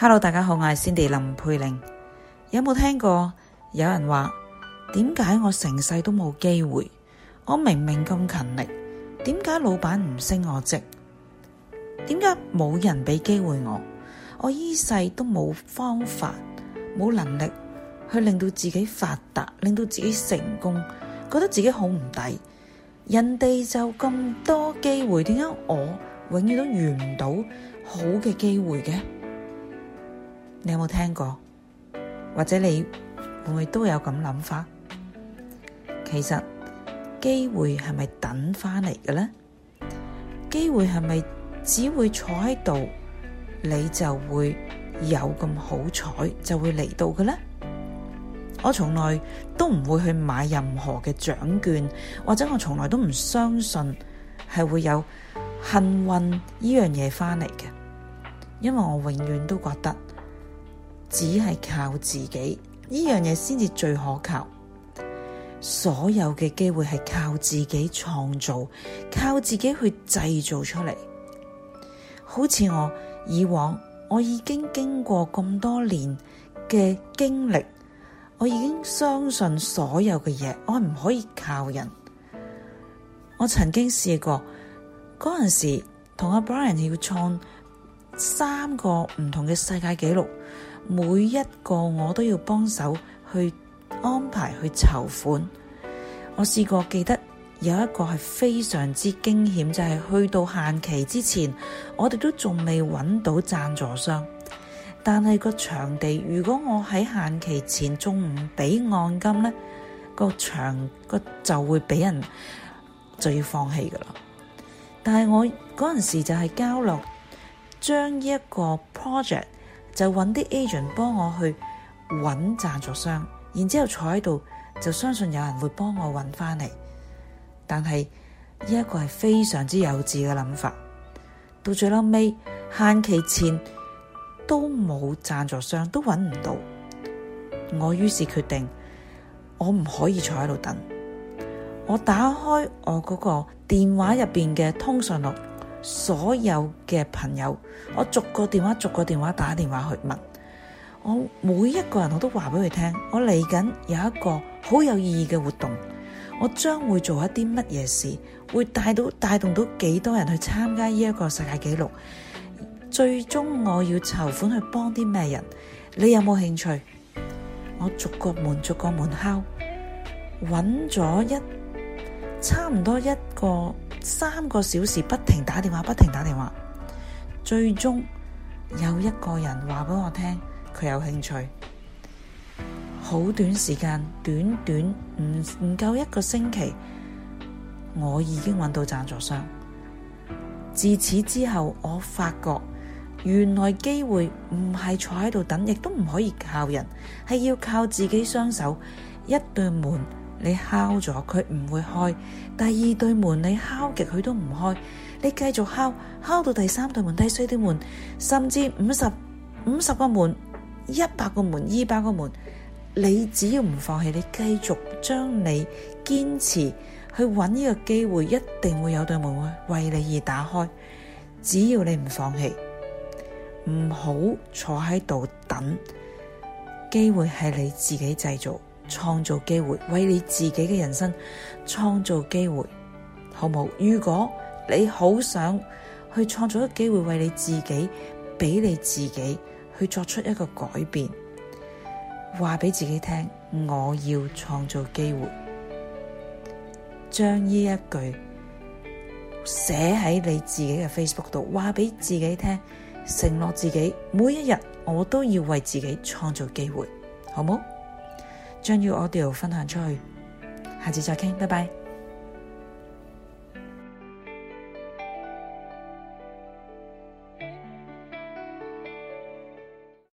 Hello，大家好，我係 Cindy 林佩玲。有冇聽過有人話，點解我成世都冇機會？我明明咁勤力，點解老闆唔升我職？點解冇人畀機會我？我呢世都冇方法，冇能力去令到自己發達，令到自己成功，覺得自己好唔抵。人哋就咁多機會，點解我永遠都遇唔到好嘅機會嘅？你有冇聽過？或者你會唔會都有咁諗法？其實機會係咪等返嚟嘅咧？機會係咪只會坐喺度，你就會有咁好彩就會嚟到嘅咧？我從來都唔會去買任何嘅獎券，或者我從來都唔相信係會有幸運呢樣嘢返嚟嘅，因為我永遠都覺得。只係靠自己，呢樣嘢先至最可靠。所有嘅機會係靠自己創造，靠自己去製造出嚟。好似我以往，我已經經過咁多年嘅經歷，我已經相信所有嘅嘢，我唔可以靠人。我曾經試過嗰陣時，同阿 Brian 要創三個唔同嘅世界紀錄。每一個我都要幫手去安排去籌款。我試過記得有一個係非常之驚險，就係、是、去到限期之前，我哋都仲未揾到贊助商。但係個場地，如果我喺限期前仲唔俾按金呢，個場、個就會俾人就要放棄噶啦。但係我嗰陣時就係交流，將呢一個 project。就揾啲 agent 幫我去揾贊助商，然之後坐喺度就相信有人會幫我揾翻嚟。但係呢一個係非常之幼稚嘅諗法。到最後尾限期前都冇贊助商，都揾唔到。我於是決定，我唔可以坐喺度等。我打開我嗰個電話入邊嘅通訊錄。所有嘅朋友，我逐個電話逐個電話打電話去問，我每一個人我都話俾佢聽，我嚟緊有一個好有意義嘅活動，我將會做一啲乜嘢事，會帶到帶動到幾多人去參加呢一個世界紀錄，最終我要籌款去幫啲咩人，你有冇興趣？我逐個門逐個門敲，揾咗一差唔多一個。三個小時不停打電話，不停打電話，最終有一個人話俾我聽，佢有興趣。好短時間，短短唔唔夠一個星期，我已經揾到贊助商。自此之後，我發覺原來機會唔係坐喺度等，亦都唔可以靠人，係要靠自己雙手，一對門。你敲咗佢唔會開，第二對門你敲極佢都唔開，你繼續敲，敲到第三對門、第四對門，甚至五十五十個門、一百個門、二百個門，你只要唔放棄，你繼續將你堅持去搵呢個機會，一定會有對門會為你而打開，只要你唔放棄，唔好坐喺度等，機會係你自己製造。創造機會，為你自己嘅人生創造機會，好冇？如果你好想去創造一個機會，為你自己，俾你自己去作出一個改變，話俾自己聽，我要創造機會，將呢一句寫喺你自己嘅 Facebook 度，話俾自己聽，承諾自己，每一日我都要為自己創造機會，好冇？將 You Audio 分享出去，下次再傾，拜拜。